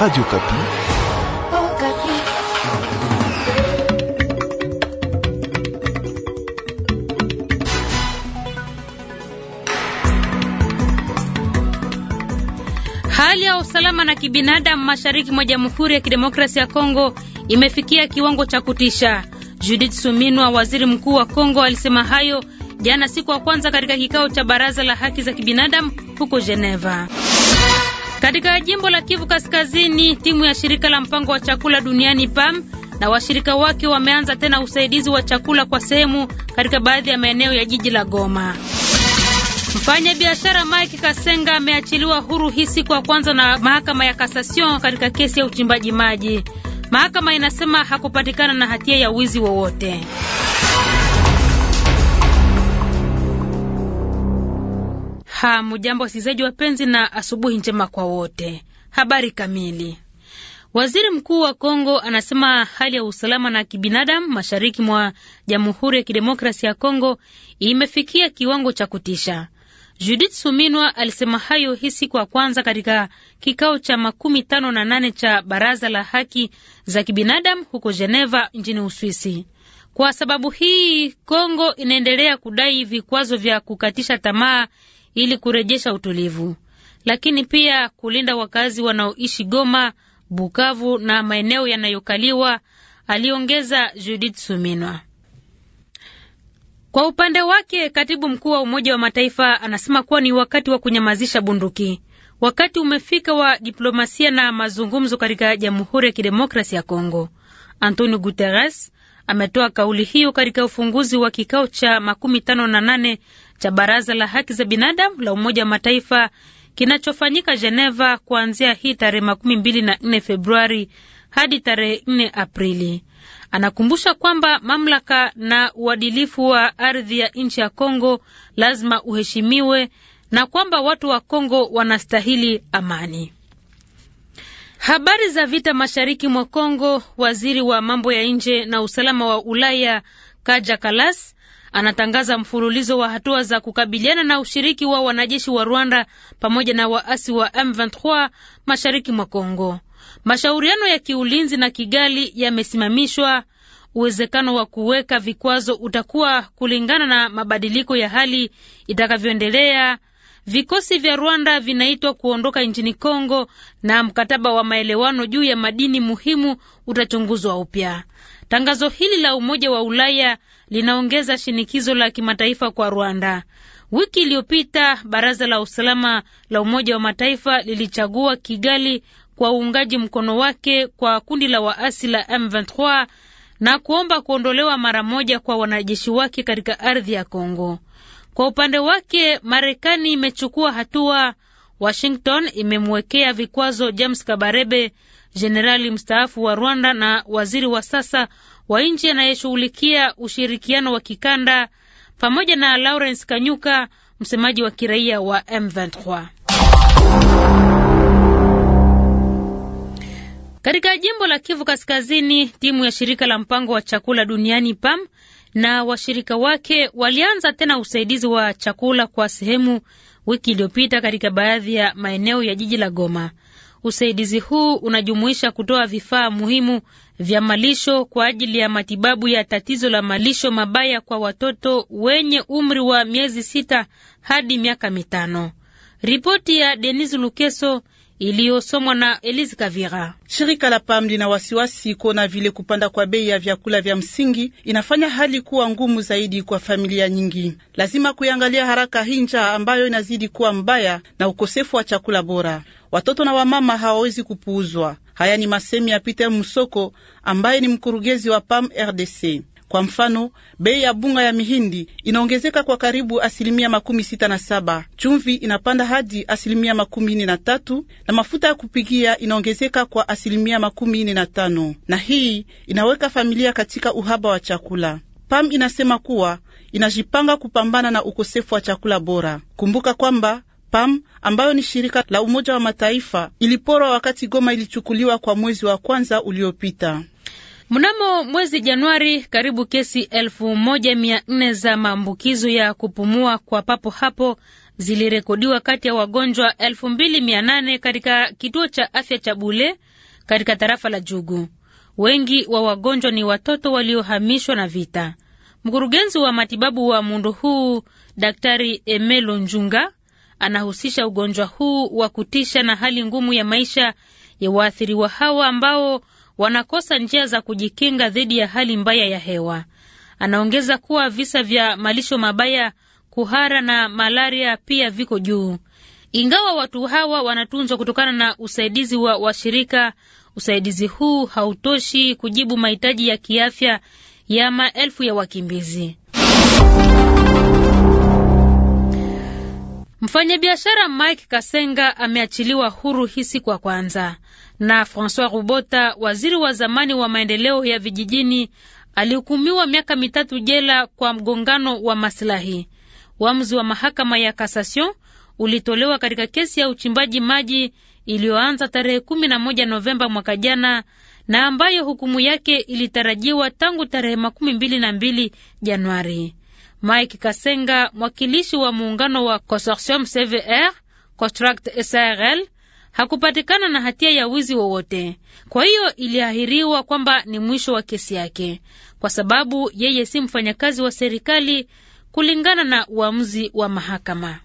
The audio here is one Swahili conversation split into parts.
Radio Kapi. Oh, Kapi. Hali ya usalama na kibinadamu mashariki mwa Jamhuri ya Kidemokrasia ya Kongo imefikia kiwango cha kutisha. Judith Suminwa, waziri mkuu wa Kongo, alisema hayo jana siku ya kwanza katika kikao cha Baraza la Haki za Kibinadamu huko Geneva. Katika jimbo la Kivu Kaskazini, timu ya shirika la mpango wa chakula duniani PAM na washirika wake wameanza tena usaidizi wa chakula kwa sehemu katika baadhi ya maeneo ya jiji la Goma. mfanya biashara Mike Kasenga ameachiliwa huru hii siku ya kwanza na mahakama ya Cassation katika kesi ya uchimbaji maji. Mahakama inasema hakupatikana na hatia ya wizi wowote. Hamujambo wasikilizaji wapenzi, na asubuhi njema kwa wote. Habari kamili. Waziri mkuu wa Kongo anasema hali ya usalama na kibinadamu mashariki mwa Jamhuri ya Kidemokrasia ya Kongo imefikia kiwango cha kutisha. Judith Suminwa alisema hayo hii siku ya kwanza katika kikao cha makumi tano na nane cha Baraza la Haki za Kibinadamu huko Geneva nchini Uswisi. Kwa sababu hii, Kongo inaendelea kudai vikwazo vya kukatisha tamaa ili kurejesha utulivu, lakini pia kulinda wakazi wanaoishi Goma, Bukavu na maeneo yanayokaliwa, aliongeza Judith Suminwa. Kwa upande wake, katibu mkuu wa Umoja wa Mataifa anasema kuwa ni wakati wa kunyamazisha bunduki. Wakati umefika wa diplomasia na mazungumzo katika Jamhuri ya Kidemokrasi ya Kongo. Antonio Guterres ametoa kauli hiyo katika ufunguzi wa kikao cha makumi tano na nane cha Baraza la Haki za Binadamu la Umoja wa Mataifa kinachofanyika Geneva kuanzia hii tarehe makumi mbili na nne Februari hadi tarehe nne Aprili. Anakumbusha kwamba mamlaka na uadilifu wa ardhi ya nchi ya Kongo lazima uheshimiwe na kwamba watu wa Kongo wanastahili amani. Habari za vita mashariki mwa Kongo. Waziri wa mambo ya nje na usalama wa Ulaya Kaja Kalas anatangaza mfululizo wa hatua za kukabiliana na ushiriki wa wanajeshi wa Rwanda pamoja na waasi wa M23 mashariki mwa Kongo. Mashauriano ya kiulinzi na Kigali yamesimamishwa. Uwezekano wa kuweka vikwazo utakuwa kulingana na mabadiliko ya hali itakavyoendelea. Vikosi vya Rwanda vinaitwa kuondoka nchini Kongo na mkataba wa maelewano juu ya madini muhimu utachunguzwa upya. Tangazo hili la Umoja wa Ulaya linaongeza shinikizo la kimataifa kwa Rwanda. Wiki iliyopita Baraza la Usalama la Umoja wa Mataifa lilichagua Kigali kwa uungaji mkono wake kwa kundi la waasi la M23 na kuomba kuondolewa mara moja kwa wanajeshi wake katika ardhi ya Kongo. Kwa upande wake, Marekani imechukua hatua. Washington imemwekea vikwazo James Kabarebe jenerali mstaafu wa Rwanda na waziri wa sasa wa nchi anayeshughulikia ushirikiano wa kikanda, pamoja na Lawrence Kanyuka, msemaji wa kiraia wa M23. Katika jimbo la Kivu Kaskazini, timu ya shirika la mpango wa chakula duniani PAM na washirika wake walianza tena usaidizi wa chakula kwa sehemu wiki iliyopita katika baadhi ya maeneo ya jiji la Goma. Usaidizi huu unajumuisha kutoa vifaa muhimu vya malisho kwa ajili ya matibabu ya tatizo la malisho mabaya kwa watoto wenye umri wa miezi sita hadi miaka mitano. Ripoti ya Denis Lukeso iliyosomwa na Elise Kavira. Shirika la PAM lina wasiwasi kuona vile kupanda kwa bei ya vyakula vya msingi inafanya hali kuwa ngumu zaidi kwa familia nyingi. Lazima kuiangalia haraka hii njaa ambayo inazidi kuwa mbaya na ukosefu wa chakula bora. Watoto na wamama hawawezi kupuuzwa. Haya ni masemi ya Peter Musoko ambaye ni mkurugenzi wa PAM RDC. Kwa mfano, bei ya bunga ya mihindi inaongezeka kwa karibu asilimia makumi sita na saba, chumvi inapanda hadi asilimia makumi nne na tatu na mafuta ya kupikia inaongezeka kwa asilimia makumi nne na tano, na hii inaweka familia katika uhaba wa chakula. PAM inasema kuwa inajipanga kupambana na ukosefu wa chakula bora. Kumbuka kwamba PAM ambayo ni shirika la Umoja wa Mataifa iliporwa wakati Goma ilichukuliwa kwa mwezi wa kwanza uliopita. Mnamo mwezi Januari, karibu kesi elfu moja mia nne za maambukizo ya kupumua kwa papo hapo zilirekodiwa kati ya wagonjwa elfu mbili mia nane katika kituo cha afya cha Bule katika tarafa la Jugu. Wengi wa wagonjwa ni watoto waliohamishwa na vita. Mkurugenzi wa matibabu wa muundo huu Daktari Emelo Njunga anahusisha ugonjwa huu wa kutisha na hali ngumu ya maisha ya waathiriwa hawa ambao wanakosa njia za kujikinga dhidi ya hali mbaya ya hewa. Anaongeza kuwa visa vya malisho mabaya, kuhara na malaria pia viko juu. Ingawa watu hawa wanatunzwa kutokana na usaidizi wa washirika, usaidizi huu hautoshi kujibu mahitaji ya kiafya ya maelfu ya wakimbizi. Mfanyabiashara Mike Kasenga ameachiliwa huru hii siku ya kwanza na Francois Rubota, waziri wa zamani wa maendeleo ya vijijini, alihukumiwa miaka mitatu jela kwa mgongano wa maslahi. Uamuzi wa mahakama ya Cassation ulitolewa katika kesi ya uchimbaji maji iliyoanza tarehe 11 Novemba mwaka jana na ambayo hukumu yake ilitarajiwa tangu tarehe makumi mbili na mbili Januari. Mike Kasenga, mwakilishi wa muungano wa Consortium CVR Contract SRL, hakupatikana na hatia ya wizi wowote. Kwa hiyo iliahiriwa kwamba ni mwisho wa kesi yake, kwa sababu yeye si mfanyakazi wa serikali kulingana na uamuzi wa mahakama.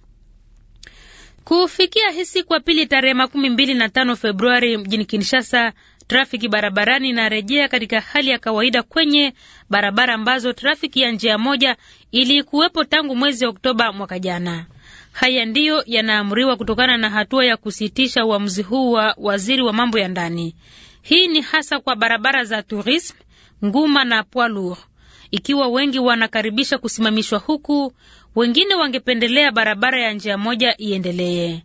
Kufikia hii siku ya pili tarehe makumi mbili na tano Februari mjini Kinshasa, trafiki barabarani inarejea katika hali ya kawaida kwenye barabara ambazo trafiki ya njia moja ilikuwepo tangu mwezi Oktoba mwaka jana. Haya ndiyo yanaamriwa kutokana na hatua ya kusitisha uamuzi huu wa waziri wa mambo ya ndani. Hii ni hasa kwa barabara za Tourisme, Nguma na Poilour. Ikiwa wengi wanakaribisha kusimamishwa huku, wengine wangependelea barabara ya njia moja iendelee.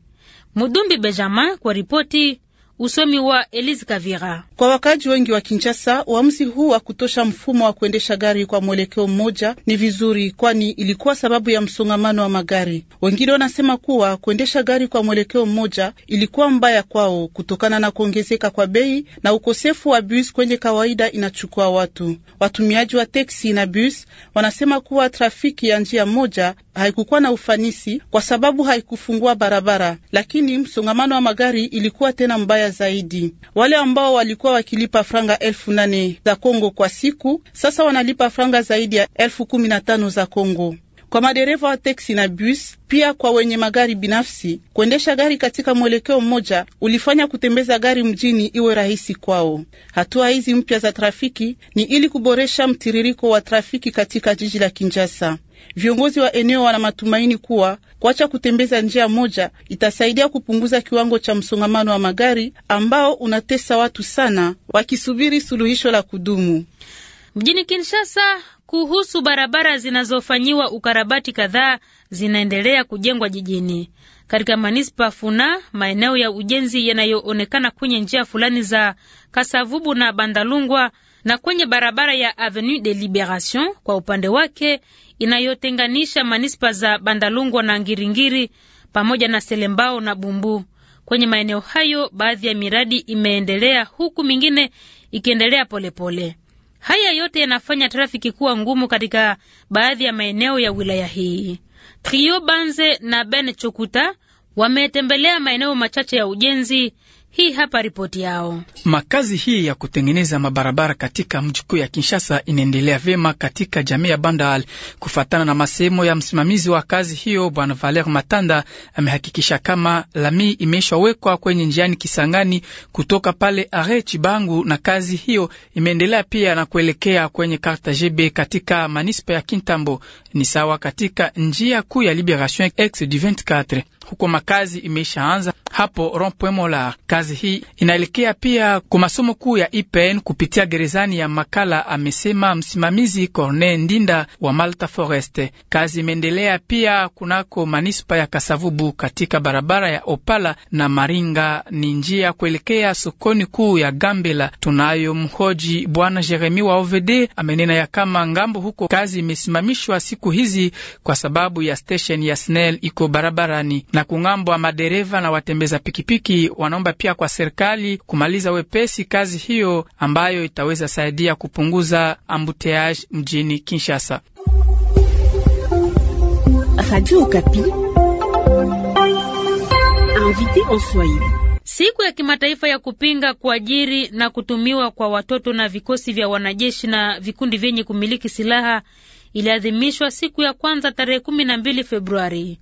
Mudumbi Benjamin kwa ripoti Usomi wa Elise Kavira. Kwa wakaji wengi wa Kinshasa, uamuzi huu wa kutosha mfumo wa kuendesha gari kwa mwelekeo mmoja ni vizuri, kwani ilikuwa sababu ya msongamano wa magari. Wengine wanasema kuwa kuendesha gari kwa mwelekeo mmoja ilikuwa mbaya kwao kutokana na kuongezeka kwa bei na ukosefu wa bus kwenye kawaida inachukua watu. Watumiaji wa teksi na bus wanasema kuwa trafiki ya njia moja haikukuwa na ufanisi kwa sababu haikufungua barabara, lakini msongamano wa magari ilikuwa tena mbaya zaidi. Wale ambao walikuwa wakilipa franga elfu nane za Kongo kwa siku sasa wanalipa franga zaidi ya elfu kumi na tano za Kongo kwa madereva wa teksi na bus, pia kwa wenye magari binafsi. Kuendesha gari katika mwelekeo mmoja ulifanya kutembeza gari mjini iwe rahisi kwao. Hatua hizi mpya za trafiki ni ili kuboresha mtiririko wa trafiki katika jiji la Kinshasa. Viongozi wa eneo wana matumaini kuwa kuacha kutembeza njia moja itasaidia kupunguza kiwango cha msongamano wa magari ambao unatesa watu sana, wakisubiri suluhisho la kudumu. Mjini Kinshasa, kuhusu barabara zinazofanyiwa ukarabati, kadhaa zinaendelea kujengwa jijini. Katika manispa Funa, maeneo ya ujenzi yanayoonekana kwenye njia fulani za Kasavubu na Bandalungwa na kwenye barabara ya Avenue de Liberation kwa upande wake inayotenganisha manispa za Bandalungwa na Ngiringiri pamoja na Selembao na Bumbu. Kwenye maeneo hayo baadhi ya miradi imeendelea huku mingine ikiendelea polepole. Haya yote yanafanya trafiki kuwa ngumu katika baadhi ya maeneo ya wilaya hii. Trio Banze na Ben Chokuta wametembelea maeneo machache ya ujenzi hii hapa ripoti yao. Makazi hii ya kutengeneza mabarabara katika mji kuu ya Kinshasa inaendelea vyema katika jamii ya Bandal. Kufatana na masehemo ya msimamizi wa kazi hiyo, Bwana Valer Matanda amehakikisha kama lami imeshawekwa kwenye njiani Kisangani kutoka pale are Chibangu, na kazi hiyo imeendelea pia na kuelekea kwenye karta GB katika manispa ya Kintambo, ni sawa katika njia kuu ya Liberation X du 24 huko makazi imeshaanza hapo Rond-Point Kazi hii inaelekea pia ku masomo kuu ya IPN kupitia gerezani ya Makala, amesema msimamizi Corne Ndinda wa Malta Forest. Kazi imeendelea pia kunako manispa ya Kasavubu katika barabara ya Opala na Maringa, ni njia kuelekea sokoni kuu ya Gambela. Tunayo mhoji bwana Jeremi wa OVD amenena ya kama ngambo huko kazi imesimamishwa siku hizi kwa sababu ya stesheni ya SNEL iko barabarani na kungambwa madereva na watembe watembeza pikipiki wanaomba pia kwa serikali kumaliza wepesi kazi hiyo ambayo itaweza saidia kupunguza ambuteage mjini Kinshasa. Siku ya kimataifa ya kupinga kuajiri na kutumiwa kwa watoto na vikosi vya wanajeshi na vikundi vyenye kumiliki silaha iliadhimishwa siku ya kwanza tarehe kumi na mbili Februari.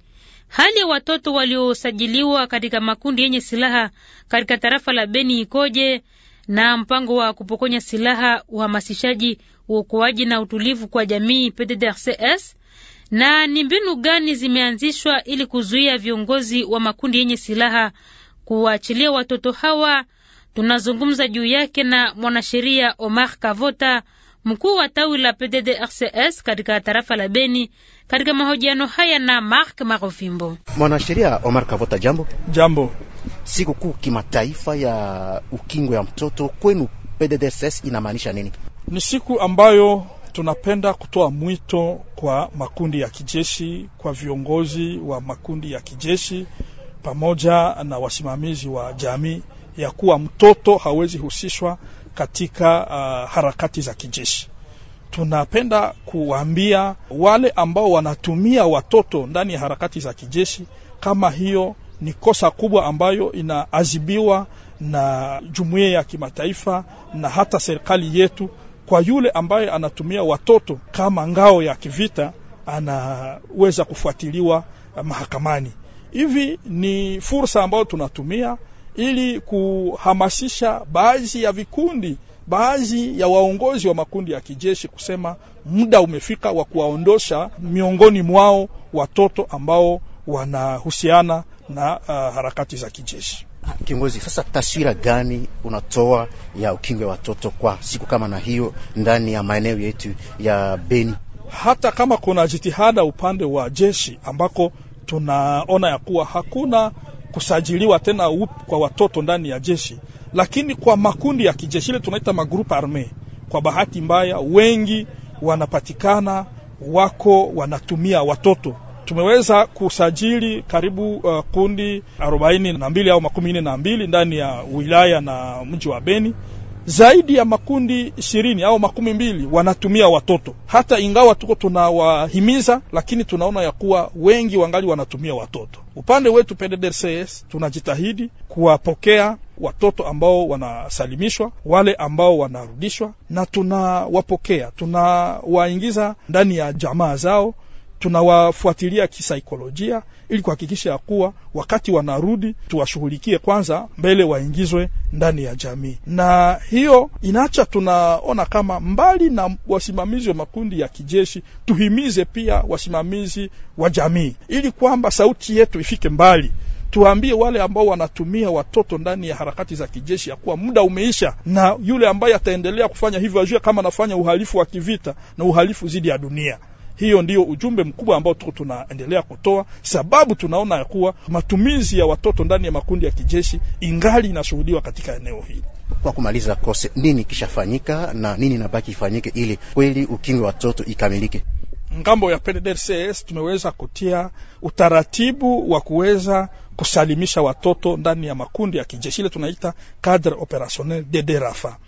Hali ya watoto waliosajiliwa katika makundi yenye silaha katika tarafa la Beni ikoje? Na mpango wa kupokonya silaha, uhamasishaji, uokoaji na utulivu kwa jamii PDDRCS, na ni mbinu gani zimeanzishwa ili kuzuia viongozi wa makundi yenye silaha kuwaachilia watoto hawa? Tunazungumza juu yake na mwanasheria Omar Kavota mkuu wa tawi la PDDRCS katika tarafa la Beni katika mahojiano haya na Mark Marofimbo. Mwanasheria Omar Kavota, jambo. Jambo. Siku kuu kimataifa ya ukingo ya mtoto kwenu PDDRCS inamaanisha nini? Ni siku ambayo tunapenda kutoa mwito kwa makundi ya kijeshi, kwa viongozi wa makundi ya kijeshi pamoja na wasimamizi wa jamii ya kuwa mtoto hawezi husishwa katika uh, harakati za kijeshi. Tunapenda kuwaambia wale ambao wanatumia watoto ndani ya harakati za kijeshi, kama hiyo ni kosa kubwa ambayo inaadhibiwa na jumuiya ya kimataifa na hata serikali yetu. Kwa yule ambaye anatumia watoto kama ngao ya kivita, anaweza kufuatiliwa mahakamani. Hivi ni fursa ambayo tunatumia ili kuhamasisha baadhi ya vikundi, baadhi ya waongozi wa makundi ya kijeshi kusema muda umefika wa kuwaondosha miongoni mwao watoto ambao wanahusiana na uh, harakati za kijeshi. Kiongozi, sasa taswira gani unatoa ya ukingwe wa watoto kwa siku kama na hiyo ndani ya maeneo yetu ya Beni? Hata kama kuna jitihada upande wa jeshi ambako tunaona ya kuwa hakuna kusajiliwa tena up kwa watoto ndani ya jeshi, lakini kwa makundi ya kijeshi ile tunaita magrupa arme, kwa bahati mbaya wengi wanapatikana wako wanatumia watoto. Tumeweza kusajili karibu uh, kundi arobaini na mbili au makumi nne na mbili ndani ya wilaya na mji wa Beni zaidi ya makundi ishirini au makumi mbili wanatumia watoto, hata ingawa tuko tunawahimiza, lakini tunaona ya kuwa wengi wangali wanatumia watoto. Upande wetu PDDRCS tunajitahidi kuwapokea watoto ambao wanasalimishwa, wale ambao wanarudishwa, na tunawapokea, tunawaingiza ndani ya jamaa zao tunawafuatilia kisaikolojia ili kuhakikisha ya kuwa wakati wanarudi tuwashughulikie kwanza mbele waingizwe ndani ya jamii. Na hiyo inacha tunaona kama mbali na wasimamizi wa makundi ya kijeshi, tuhimize pia wasimamizi wa jamii ili kwamba sauti yetu ifike mbali tuwaambie wale ambao wanatumia watoto ndani ya harakati za kijeshi ya kuwa muda umeisha, na yule ambaye ataendelea kufanya hivyo ajue kama anafanya uhalifu wa kivita na uhalifu dhidi ya dunia. Hiyo ndio ujumbe mkubwa ambao tuko tunaendelea kutoa, sababu tunaona ya kuwa matumizi ya watoto ndani ya makundi ya kijeshi ingali inashuhudiwa katika eneo hili. Kwa kumaliza kose, nini kishafanyika na nini nabaki ifanyike ili kweli ukingi wa watoto ikamilike? Ngambo ya PDDRCS tumeweza kutia utaratibu wa kuweza kusalimisha watoto ndani ya makundi ya kijeshi, ile tunaita cadre operationnel DD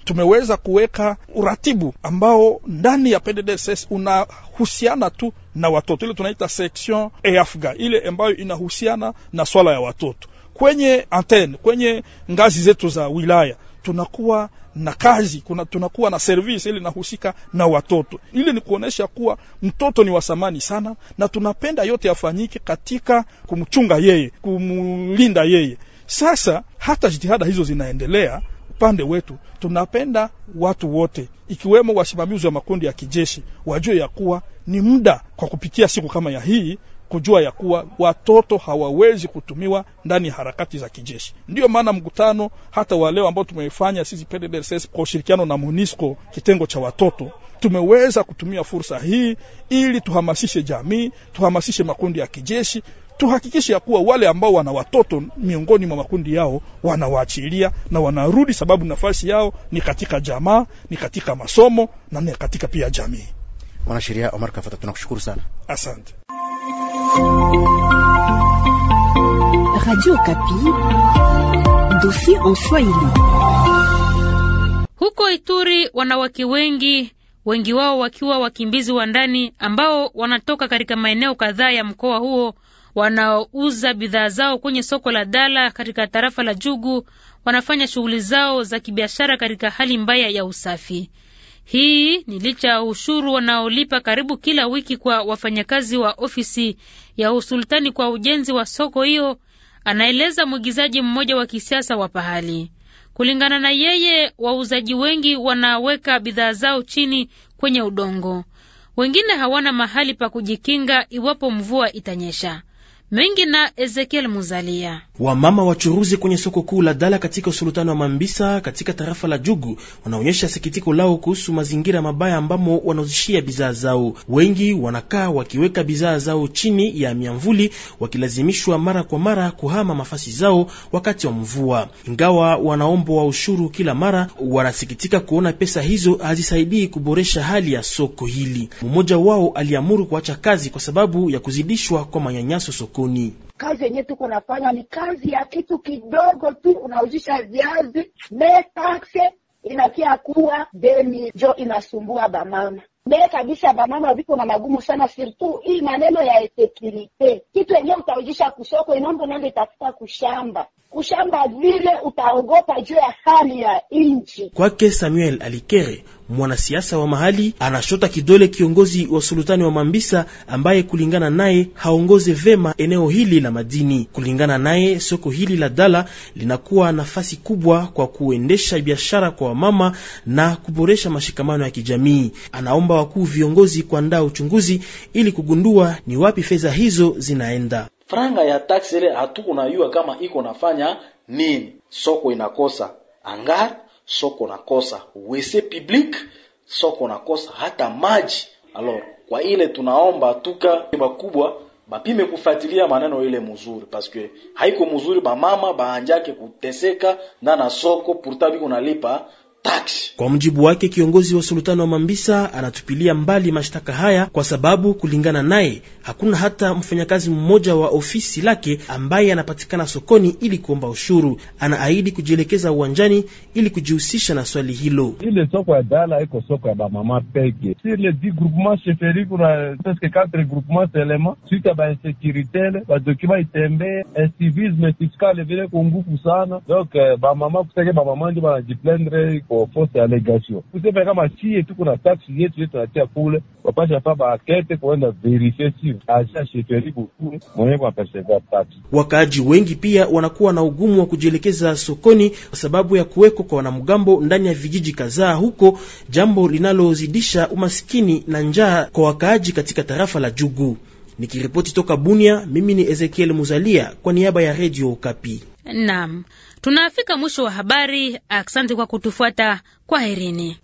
Tumeweza kuweka uratibu ambao ndani ya PDDSS unahusiana tu na watoto, ile tunaita section EAFGA, ile ambayo inahusiana na swala ya watoto kwenye antene, kwenye ngazi zetu za wilaya tunakuwa na kazi kuna, tunakuwa na service ili nahusika na watoto. Ile ni kuonesha kuwa mtoto ni wasamani sana, na tunapenda yote yafanyike katika kumchunga yeye, kumlinda yeye. Sasa hata jitihada hizo zinaendelea upande wetu tunapenda watu wote ikiwemo wasimamizi wa makundi ya kijeshi wajue ya kuwa ni muda kwa kupitia siku kama ya hii kujua ya kuwa watoto hawawezi kutumiwa ndani ya harakati za kijeshi. Ndiyo maana mkutano hata wa leo ambao tumeifanya sisi PDDRCS kwa ushirikiano na MONUSCO kitengo cha watoto, tumeweza kutumia fursa hii ili tuhamasishe jamii, tuhamasishe makundi ya kijeshi, tuhakikishe ya kuwa wale ambao wana watoto miongoni mwa makundi yao wanawaachilia na wanarudi, sababu nafasi yao ni katika jamaa, ni katika masomo na ni katika pia jamii. Mwanasheria Omar Kafata, tunakushukuru sana, asante. Radio Kapi, dosi en Swahili. Huko Ituri wanawake wengi, wengi wao wakiwa wakimbizi wa ndani ambao wanatoka katika maeneo kadhaa ya mkoa huo wanaouza bidhaa zao kwenye soko la Dala katika tarafa la Jugu wanafanya shughuli zao za kibiashara katika hali mbaya ya usafi. Hii ni licha ya ushuru wanaolipa karibu kila wiki kwa wafanyakazi wa ofisi ya usultani kwa ujenzi wa soko hiyo, anaeleza mwigizaji mmoja wa kisiasa wa pahali. Kulingana na yeye, wauzaji wengi wanaweka bidhaa zao chini kwenye udongo, wengine hawana mahali pa kujikinga iwapo mvua itanyesha mengi na Ezekiel Muzalia. Wamama wachuruzi kwenye soko kuu la Dala katika usultani wa Mambisa katika tarafa la Jugu wanaonyesha sikitiko lao kuhusu mazingira mabaya ambamo wanauzishia bidhaa zao. Wengi wanakaa wakiweka bidhaa zao chini ya miamvuli, wakilazimishwa mara kwa mara kuhama mafasi zao wakati wa mvua. Ingawa wanaombwa ushuru kila mara, wanasikitika kuona pesa hizo hazisaidii kuboresha hali ya soko hili. Mmoja wao aliamuru kuacha kazi kwa sababu ya kuzidishwa kwa manyanyaso soko jikoni. Kazi yenyewe tuko nafanya ni kazi ya kitu kidogo tu, unauzisha viazi me takse inakia kuwa deni jo inasumbua bamama me kabisa, bamama viko na magumu sana, surtout hii maneno ya esekirite. Kitu yenyewe utaujisha kusoko, inaomba unaenda itafuta kushamba kushamba, vile utaogopa juu ya hali ya nchi. Kwake Samuel Alikere Mwanasiasa wa mahali anashota kidole kiongozi wa sultani wa Mambisa ambaye kulingana naye haongoze vema eneo hili la madini. Kulingana naye, soko hili la Dala linakuwa nafasi kubwa kwa kuendesha biashara kwa wamama na kuboresha mashikamano ya kijamii. Anaomba wakuu viongozi kuandaa uchunguzi ili kugundua ni wapi fedha hizo zinaenda. Franga ya taksi ile hatukunayua kama iko nafanya nini, soko inakosa angar soko nakosa wese public, soko nakosa hata maji. Alors kwa ile tunaomba tuka bakubwa bapime kufuatilia maneno ile mzuri, que haiko mzuri bamama baanjake kuteseka ndana soko pourtant biko nalipa kwa mujibu wake, kiongozi wa sultani wa Mambisa anatupilia mbali mashtaka haya kwa sababu kulingana naye hakuna hata mfanyakazi mmoja wa ofisi lake ambaye anapatikana sokoni ili kuomba ushuru. Anaahidi kujielekeza uwanjani ili kujihusisha na swali hilo. Ile soko ya dala iko soko ya bamama peke sile di groupement cheferi kuna presque 4 groupement elema suite ba insecuritele badokima itembee estivisme fiscale vile kungufu sana donc euh, bamama kuseke bamama ndio banajiplendre pour Vous savez, tout kuoposa allegation kusema kama siye tuko na taksi yetu yetu à faire wapasha enquête pour en vérifier si ashasheteri butu mwenye kwapesheva taksi. Wakaaji wengi pia wanakuwa na ugumu wa kujielekeza sokoni kwa sababu ya kuweko kwa wanamgambo ndani ya vijiji kadhaa huko, jambo linalozidisha umasikini na njaa kwa wakaaji katika tarafa la Jugu. Nikiripoti toka Bunia, mimi ni Ezekiel Muzalia kwa niaba ya Radio Kapi. Naam. Tunafika mwisho wa habari. Asante kwa kutufuata. Kwaherini.